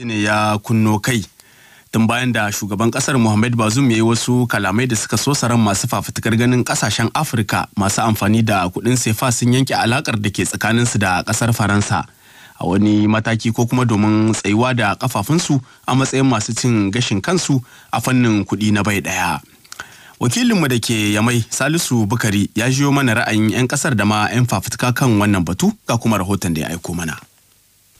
ne ya kunno kai tun bayan da shugaban kasar Muhammad Bazum ya yi wasu kalamai da suka so ran masu fafutukar ganin kasashen Afirka masu amfani da kuɗin sefa sun yanke alakar da ke tsakaninsu da kasar Faransa a wani mataki ko kuma domin tsayuwa da kafafunsu a matsayin masu cin gashin kansu a fannin kuɗi na bai ɗaya. Wakilinmu da ke Yamai Salisu Bukari ya jiyo mana ra'ayin 'yan kasar da ma 'yan fafutuka kan wannan batu ga kuma rahoton da ya aiko mana.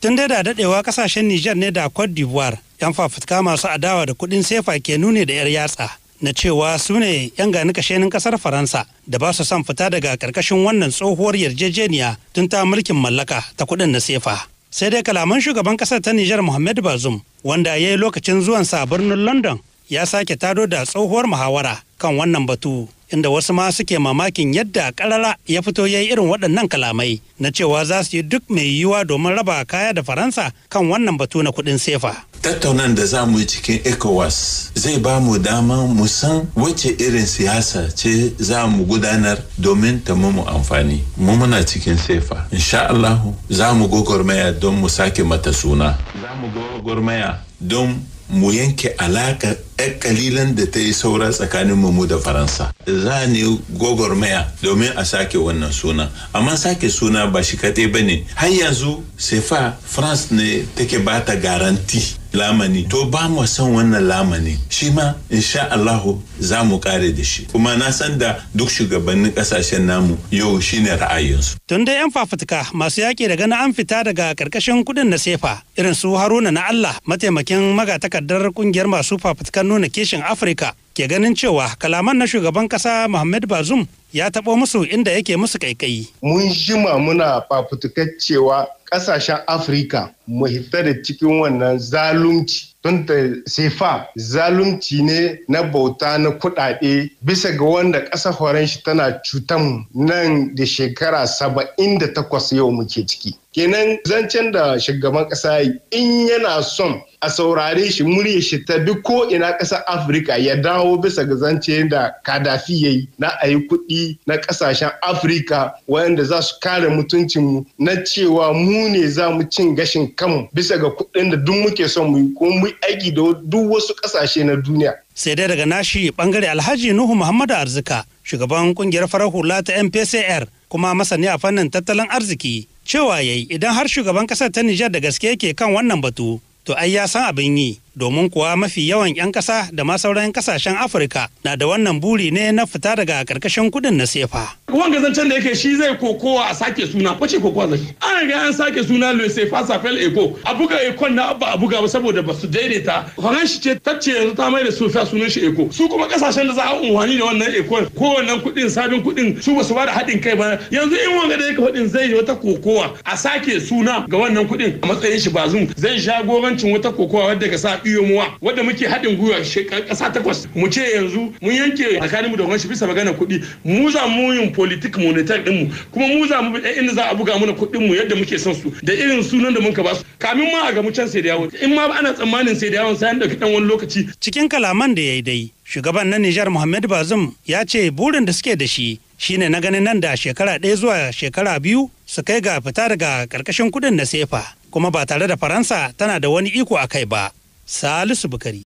tun da dadewa kasashen Nijar ne da Cote d'Ivoire yan fafutuka masu adawa da kudin sefa ke nune da yar yatsa na cewa su ne yan gani kashenin kasar Faransa da ba su son fita daga karkashin wannan tsohuwar yarjejeniya tun ta mulkin mallaka ta kudin na sefa. Sai dai kalaman shugaban ƙasar ta Nijar Muhammad Bazoum wanda ya yi lokacin zuwan a birnin London ya sake tado da tsohuwar muhawara kan wannan batu. inda wasu ma suke mamakin yadda karara ya fito yayi irin waɗannan kalamai na cewa za su yi duk mai yiwuwa domin raba kaya da faransa kan wannan batu na kuɗin sefa tattaunan da za mu yi cikin ecowas zai ba mu dama mu san wacce irin siyasa ce za mu gudanar domin ta mu amfani mu muna cikin sefa insha allahu za mu gwagwarmaya don mu sake mata suna za mu gwagwarmaya don mu yanke alaka 'yan kalilan da ta yi saura tsakanin mu da faransa za ne gwagwarmaya domin a sake wannan suna amma sake suna ba shi kaɗai ba ne har yanzu sefa france ne take ba ta garanti lamani to ba mu son wannan lamani shi ma insha Allahu za mu kare da shi kuma na san da duk shugabannin kasashen namu yau shine ra'ayinsu tun dai yan fafutuka masu yaƙi da ganin an fita daga karkashin kuɗin na sefa irin su Haruna na Allah mataimakin magatakardar kungiyar masu fafutukan nuna kishin Afirka ke ganin cewa kalaman na shugaban kasa Muhammad Bazum ya taɓo musu inda yake musu kaikayi. Mun jima muna fafutukar cewa kasashen afirka mu hita da cikin wannan zalunci tun da sefa zalunci ne na bauta na kuɗaɗe bisa ga wanda ƙasa horon shi tana cutan nan da shekara saba'in da takwas yau muke ciki kenan zancen da shugaban ƙasa in yana son a saurare shi murya shi ta duk ko ina ƙasar afirka ya dawo bisa ga zance da kadafi ya na a yi kuɗi na ƙasashen afirka wayanda za su kare mutuncinmu na cewa mu mu ne za mu cin gashin kanmu bisa ga kuɗin da duk muke son mu yi ko mu aiki da duk wasu ƙasashe na duniya. Sai dai daga nashi bangare Alhaji Nuhu Muhammadu Arzika, shugaban kungiyar farar hula ta MPCR kuma masani a fannin tattalin arziki. Cewa yayi idan har shugaban ƙasar ta Nijar da gaske yake kan wannan batu, to ai ya san abin yi domin kuwa mafi yawan 'yan ƙasa da ma sauran ƙasashen Afirka na da wannan buri ne na fita daga ƙarƙashin kuɗin na sefa. wanga zancen da yake shi zai kokowa a sake suna wace kokowa zai an ga an sake suna le sai fasa fel eko a buga ekon na abba a buga ba saboda ba su daidaita shi ce tacce yanzu ta mai da fa sunan shi eko su kuma kasashen da za a unwani da wannan ekon ko wannan kuɗin sabin kudin su ba su ba da haɗin kai ba yanzu in wanga da yake faɗin zai yi wata kokowa a sake suna ga wannan kudin a matsayin shi zun zai jagorancin wata kokowa wadda ka sa iyo muwa wadda muke haɗin gwiwa ƙasa takwas mu ce yanzu mun yanke tsakaninmu da wannan shi bisa magana kuɗi mu za mu yin politik monetar dinmu kuma mu za mu bi eh, inda za a buga mana kuɗin mu yadda muke son su da irin sunan da mun ka ba su kamin ma a ga mu can sai da yawon in ma ana tsammanin sai da yawon sai da kaɗan wani lokaci. Cikin kalaman da ya yi dai shugaban na Nijar Muhammad Bazum ya ce burin da suke da shi shine na ganin nan da shekara ɗaya zuwa shekara biyu su kai ga fita daga ƙarƙashin kuɗin na sefa kuma ba tare da Faransa tana da wani iko a kai ba. Salisu Bukari.